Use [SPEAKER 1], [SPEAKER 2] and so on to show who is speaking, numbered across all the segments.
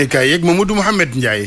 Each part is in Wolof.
[SPEAKER 1] ne kaay yeeg Mamadou Mouhamed Ndiaye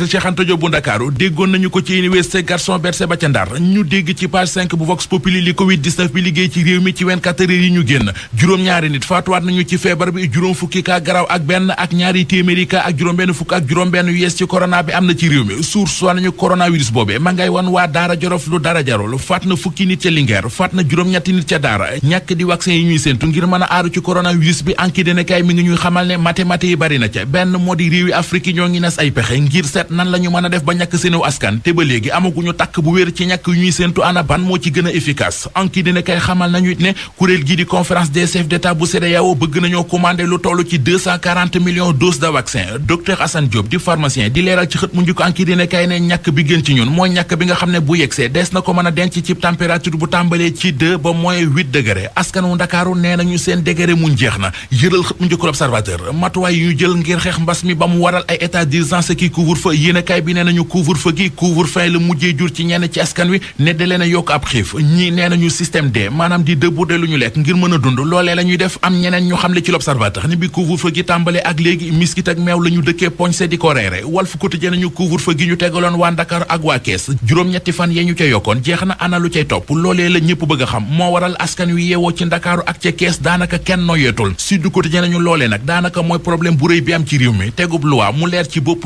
[SPEAKER 1] université Cheikh Anta Diop bu Ndakaaru déggoon nañu ko ci université Gaston Berger ba ca Ndar ñu dégg ci page bu Vox Populi li Covid 19 bi liggéey ci réew mi ci 24 yi ñu génn juróom-ñaari nit faatuwaat nañu ci feebar bi juróom fukki kaa ak benn ak ñaari téeméeri kaa ak juróom-benn fukk ak juróom-benn yu yees ci corona bi am na ci réew mi source waa nañu coronavirus boobee ma ngay wan waa daara jorof lu dara jarul faat na fukki nit ca Linguère faat na juróom-ñetti nit ngi seet nan la ñu a def ba ñàkk seenu askan te ba léegi amaguñu tàkk bu wér ci ñàkk yu ñuy séentu ana ban moo ci gën a efficace anki dina xamal nañu ne kuréel gii di conférence des chefs d'état bu CEDEAO bëgg nañoo commandé lu toll ci millions de vaccin docteur Assane Diop di pharmacien di leeral ci xët mu njëkk anki dina kay ne ñàkk bi gën ci ñun mooy ñàkk bi nga xam ne bu yegsee dees na ko mën denc ci température bu tàmbalee ci 2 couvre-feu yéenekaay bi nee nañu couvre-feu gi couvre-fin la mujjee jur ci ñenn ci askan wi ne da leen yokk ab xiif ñii nee nañu système D maanaam di déborde lu ñu lekk ngir mën a dund loolee la ñuy def am ñeneen ñu xam le ci l'Observateur ni bi couvre-feu gi tàmbale ak léegi miskit ak meew la ñu dëkkee poñse di ko reere Walf Quotidien nañu couvre-feu gi ñu tegaloon waa Dakar ak waa Kees juróom-ñetti fan yee ñu ca yokkoon jeex na ana lu cay topp loolee la ñëpp bëgg a xam moo waral askan wi yeewoo ci Ndakaaru ak Kees daanaka kenn noyeetul Sud Quotidien nañu loolee nag daanaka mooy problème bu rëy bi am ci réew mi tegub loi mu leer ci bopp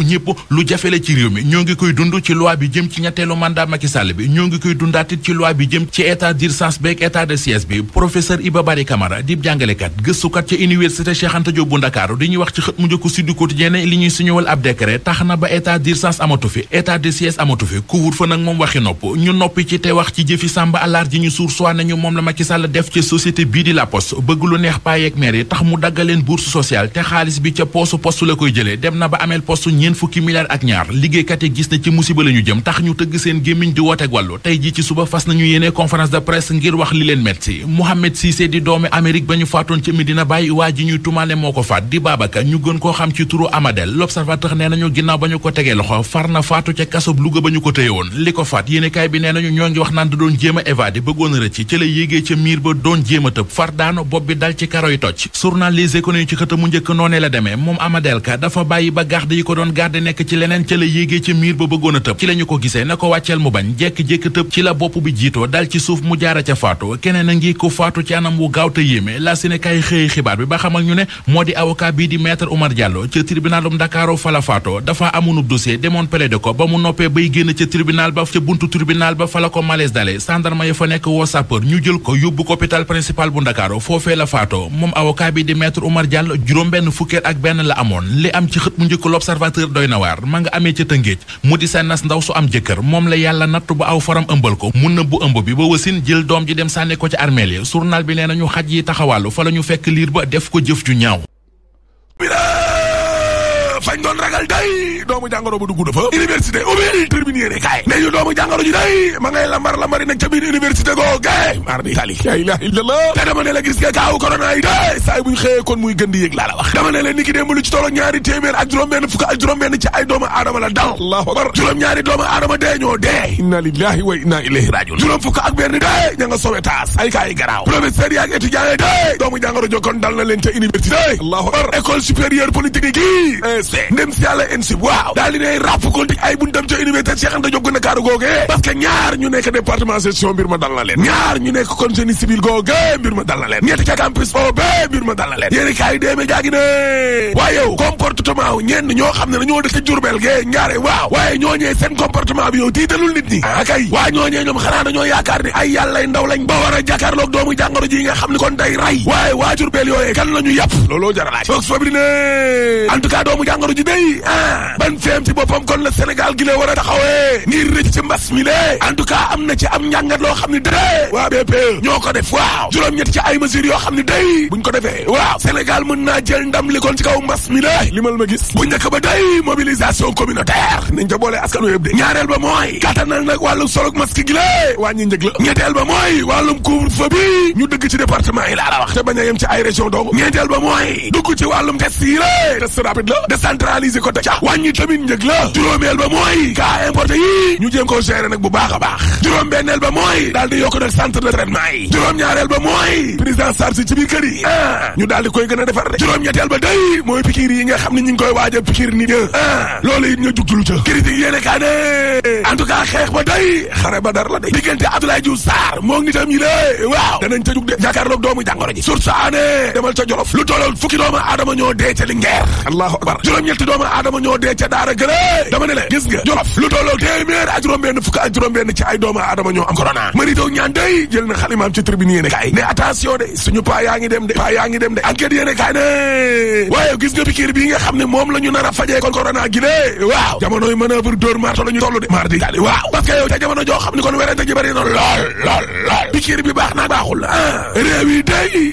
[SPEAKER 1] jafe ci réew mi ñoo ngi koy dund ci loi bi jëm ci ñetteelu mandat Macky Sall bi ñoo ngi koy dundaatit ci loi bi jëm ci état d'urgence beeg état de siège bi professeur Iba Bari Camara di jàngalekat gëstukat ca université Cheikh Anta Diop bu Ndakaaru di ñuy wax ci xët mu njëkk Sud Quotidien ne li ñuy suñëwal ab décret tax na ba état d'urgence amatu fi état de amatu fi couvre-feu nag moom waxi nopp ñu noppi ci te wax ci jëfi Samba Allaar ji ñu suur soi nañu moom la Macky Sall def ci société bii di la poste bëgg lu neex paayeeg maire yi tax mu daggaleen bourse sociale te xaalis bi ca poosu poste la koy jëlee dem na ba ameel poste ñeen fukki milliards ak ak ñaar liggéeykat yi gis ne ci musiba la jëm tax ñu tëgg seen gémmiñ di wooteeg wàllu tey ji ci suba fas nañu yéene conférence de presse ngir wax li leen metti Mohamed Cissé di doomi Amérique ba ñu faatoon ca Medina Baye waa ji ñuy tumaane moo ko faat di Babacar ñu gën koo xam ci turu Amadel L'Observateur nee nañu ginnaaw ba ñu ko tegee loxo far na faatu ca kasob Louga ba ñu ko téye woon li ko faat yéenekaay bi nee nañu ñoo ngi wax naan da doon jéem a a tëb keneen ca la yéegee ca miir ba bëggoon a tëb ci la ko gisee na ko wàcceel mu bañ jekk-jékk tëb ci la bopp bi jiitoo dal ci suuf mu jaara ca faatu keneen a ngi ko faatu ci anam wu gaaw te yéeme la si ne xibaar bi ba xamal ñu ne moo di avocat bii di maître Oumar Diallo ca tribunalum Dakaaru fa la faatoo dafa amunub dossier demoon plaidé ko ba mu noppee bay génn ca tribunal ba ca buntu tribunal ba fa la ko malaise dale sandarma ya fa nekk woo sapeur ñu jël ko yóbbu ko hôpital principal bu Ndakaaru foofee la faatoo moom avocat bi di maître Oumar Diallo juróom benn fukkeet ak benn la amoon li am ci xët mu njëkk l'observateur doy na waar nga amee ca tëngéej mu di sa nas ndaw su am jëkkër moom la yàlla natt ba aw faram ëmbal ko mun na bu ëmb bi ba wasin jël doom ji dem sànni ko ci armeel yi journal bi nee nañu xaj yi taxawàllu fa la ñu fekk liir ba def ko jëf ju ñaaw fañ doon
[SPEAKER 2] ragal dugg dafa yu doomu jàngoro ji day ma ngay lambar lambari nag ca biir université googe mar di tali la ilaha illallah te dama ne gis nga kaaw corona yi day saa buñ xëyee kon muy gën di yëg wax dama ne niki démb lu ci tolloo ñaari téeméer ak juróom-benn ak juróom-benn ay doomu aadama la dal allahu akbar juróom-ñaari doomu aadama dee ñoo dee inna lillahi wa inna ilayhi rajiun Ndakaaru googee parce que ñaar ñu nekk département gestion mbir ma dal na leen ñaar ñu nekk kon génie civil googee mbir ma dal na leen ñetti ca campus boobe mbir ma dal na leen yéeni kaay déeme jaagi ne waaye yow comportement wu ñenn ñoo xam ne dañoo dëkk Jurbel gee ñaare waaw waaye ñooñee seen comportement bi yow tiitalul nit ñi ah kay waa ñoom xanaa dañoo yaakaar ne ay yàllay ndaw lañ ba war a jàkkaarloog doomu jàngoro ji a kon la Sénégal gi la war a taxawee ngir rëcc ci mbas mi le en tout cas am na ci am njàngat loo xam ne dee waa BPE ñoo ko def waaw juróom-ñett ci ay mesures yoo xam ne day buñ ko defee waaw Sénégal mën naa jël ndam li ci kaw mbas mi le limal ma gis bu njëkk ba day mobilisation communautaire nañ ca boolee askan wi yëpp de ñaareel ba mooy kattanal nag wàllum solog masque gi la wàññi njëg la ñetteel ba mooy wàllum couvre-feu bi ñu dëgg ci département yi laa la wax te bañ a yem ci ay région donc ñeenteel ba mooy dugg ci wàllum test yi la test rapide la décentraliser ko teg wàññi tamit njëg la juróomeel ba mooy gaa importé yi ñu jéem koo gérer nag bu baax a baax juróom benneel ba mooy daal yokk nag centre de traitement yi juróom-ñaareel ba ah a defar day mooy pikiir yi nga xam ne ñu koy waaj a pikiir ña ah loolu ñu jugtulu ca critique yéene kaa ne en tout cas xeex ba day xare ba dara la day diggante Abdoulaye Diouf Sarr moog nitam yi lé waaw danañ ca jug de jàkkaarloog doomu jàngoro ji surtout aane demal ca Jolof lu tolol fukki doomu aadama ñoo dee ca Linguère allahu dama ne la gis nga jolof lu tolloo téeméer ak nga xam ne moom la ñu nar a fajee kon corona gi de waaw jamonoy manœuvre d'or joo xam ne kon werante ji bëri na lool lool lool pikiir bi baax naa baaxul ah réew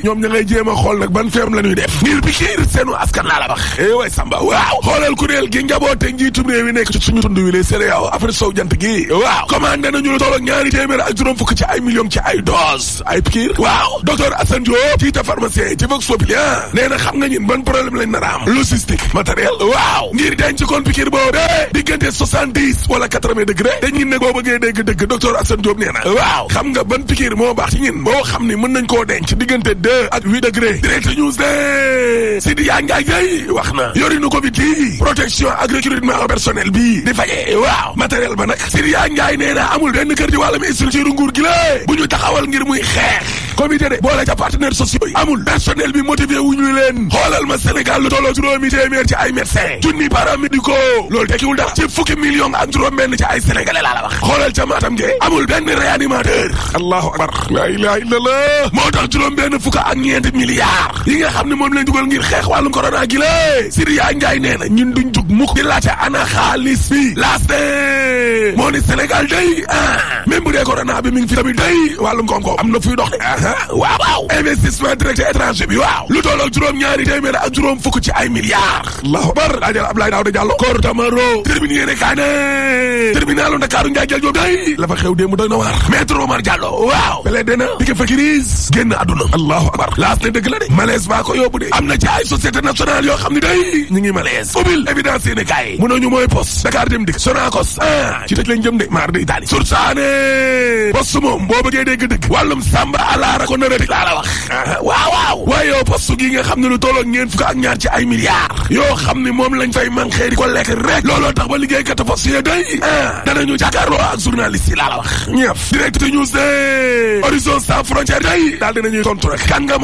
[SPEAKER 2] ñoom ña ngay a xool nag ban feem la ñuy def ngir pikiir seenu askan laa la wax eh way samba waaw xoolal kuréel gi njaboote njiitum réew yi nekk ci suñu tund wi les céréales afrique sow jant gi waaw commandé nañu lu toll ñaari téeméer ak juróom fukk ci ay millions ci ay doses ay piqûre waaw docteur Assane Diop tiita pharmacien ci Vox Populi ah nee na xam nga ñun ban problème lañ nar a logistique matériel waaw ngir denc kon piqûre boobu diggante soixante degré dañuy ne boo bëggee dégg dëgg docteur Assane Diop nee waaw xam nga ban piqûre moo baax ci ñun boo xam ni mën nañ koo denc diggante de matériel bi di fajee waaw matériel ba nak Siria Njaay nee na amul ben kër wala ci wàllum structure nguur gi la buñu taxawal ngir muy xeex comité de boole ja partenaires sociaux yi amul personnel bi motivé wu ñu leen xoolal ma Sénégal lu tolo tolloo juróomi téeméer ci ay médecins junni paramédico té ki wul dara ci fukki million ak juroom ben ci ay sénégalais la la wax xolal ca Matam ge amul ben réanimateur allahu akbar la ilaha illallah mo tax juroom ben fukka ak ñent milliards yi nga xamni mom lañ duggal ngir xeex walu corona gi la Siria Njaay nee na ñun duñ jug mukk di laajte anaxa xaalis bi laaste moo ni Sénégal day a même bu dee corona bi mi ngi fi tamit day wàllum koom-koom am na fuy dox de aa waaw waaw investissement direct étranger bi waaw lu tolloog juróom ñaari téeméer ak juróom fukk ci ay milliards allahu akbar laajal Abdoulaye Daouda Diallo koor tamaro terminé yéene kaa ne terminalu Ndakaaru njaajal joob day la fa xew dee mu doy na waar maître Omar Diallo waaw belee dena di ko fa crise génn àdduna allahu akbar laas ne dëgg la de malaise baa ko yóbbu de am na ci poste Dakar dem dikk Sonacos ah ci tëj lañ jëm de maar day daali sur saane poste moom boo bëggee dégg dëgg wàllum sàmba alaara ko nara laa la wax ah, ah, waaw waaw waaye yow poste gi nga xam ne lu tolloo ngeen fukk ak ñaar ci ay milliards yoo xam ne moom lañ fay manqué di ko lekk rek looloo tax ba liggéeykat poste yi day ah danañu jàkkaarloo ak journaliste yi laa la wax ñëf direct news de horizon sans frontière day daal dinañuy tontu rek kan nga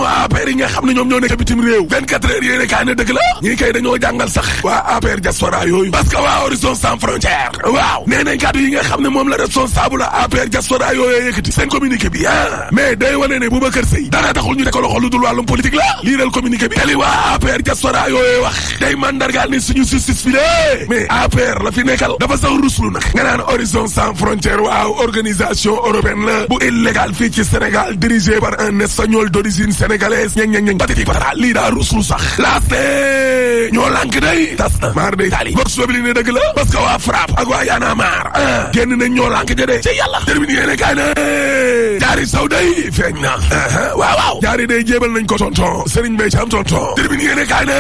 [SPEAKER 2] waa horizon sans frontière waaw nee nañ kàddu yi nga xam ne moom la responsable APR diaspora yooyee yëkkati seen communiqué bi ah mais day wane ne Boubacar dara taxul ñu ko loxo lu dul wàllum politique la lii dal bi te li waa APR diaspora yooyee wax day mandargaal ni suñu justice bi de mais APR la fi nekkal dafa sax ruslu nag nga naan horizon sans frontière waaw organisation européenne la bu illégal fii ci Sénégal dirigé par un espagnol d'origine sénégalaise ñañ ñañ ñañ patati patata lii daa ruslu sax laaste ñoo lànk day tas na maar day taali dëgg la parce que waa ak waa ah, génn ñoo lànk yàlla terminé yéene kaay na jaari saw day feeñ na ah, ah, waaw waaw jaari day nañ ko tonton tonton terminé yéene kaay na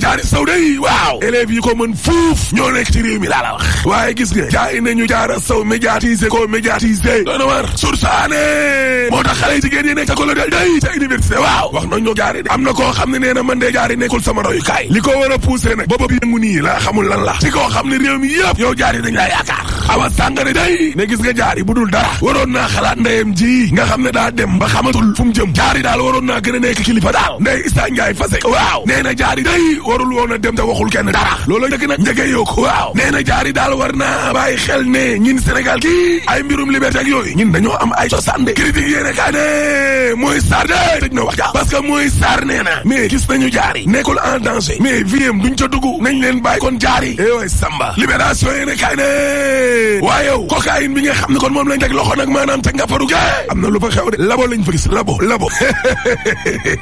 [SPEAKER 2] jaari saw day waaw yi ko mën fuuf ñoo nekk ci réew mi wax waaye gis nga jaay nañu saw médiatiser ko médiatiser doona war moo tax xale jigéen yi nekk ca day ca université waaw wax jaari de am na koo xam ne nee na man de jaari nekkul sama li ko war a nag boobu yëngu nii la xamul lan la ci xam ne réew mi yëpp yow jaari dañ laa xawa sàngane day ne gis nga jaari bu dul dara waroon naa xalaat ndeyam ji nga xam ne daa dem ba xamatul fu mu jëm jaari daal waroon naa gën a nekk kilifa daal ndey Issa Ndiaye Fasé waaw nee na jaari day warul woon a dem te waxul kenn dara loolu dëgg nag njëgee yokk waaw nee na jaari daal war naa bàyyi xel ne ñin Sénégal kii ay mbirum liberté ak yooyu ñin dañoo am ay cosaan de critique yéene kaa ne mooy Sarr de tëj na wax ja parce que mooy Sarr nee na mais gis nañu jaari nekkul en danger mais viem duñ ca dugg nañ leen bàyyi kon jaari eh way Samba libération yéene kaa ne waaye cocaïne bi nga xam ne kon moom lañ teg loxo nag maanaam ca ngàpparu ga am na lu fa xew de labo lañ fa gis labo labo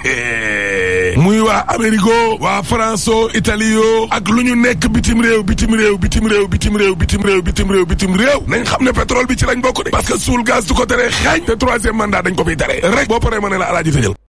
[SPEAKER 2] muy waa Amérigo waa Faranso Italio ak lu ñu nekk bitim réew bitim réew bitim réew bitim réew bitim réew bitim xam ne pétrole bi lañ bokk de parce que suul gaz du ko tere xeeñ te troisième mandat dañ ko fiy tere rek boo paree ma ne la alaaji tëjal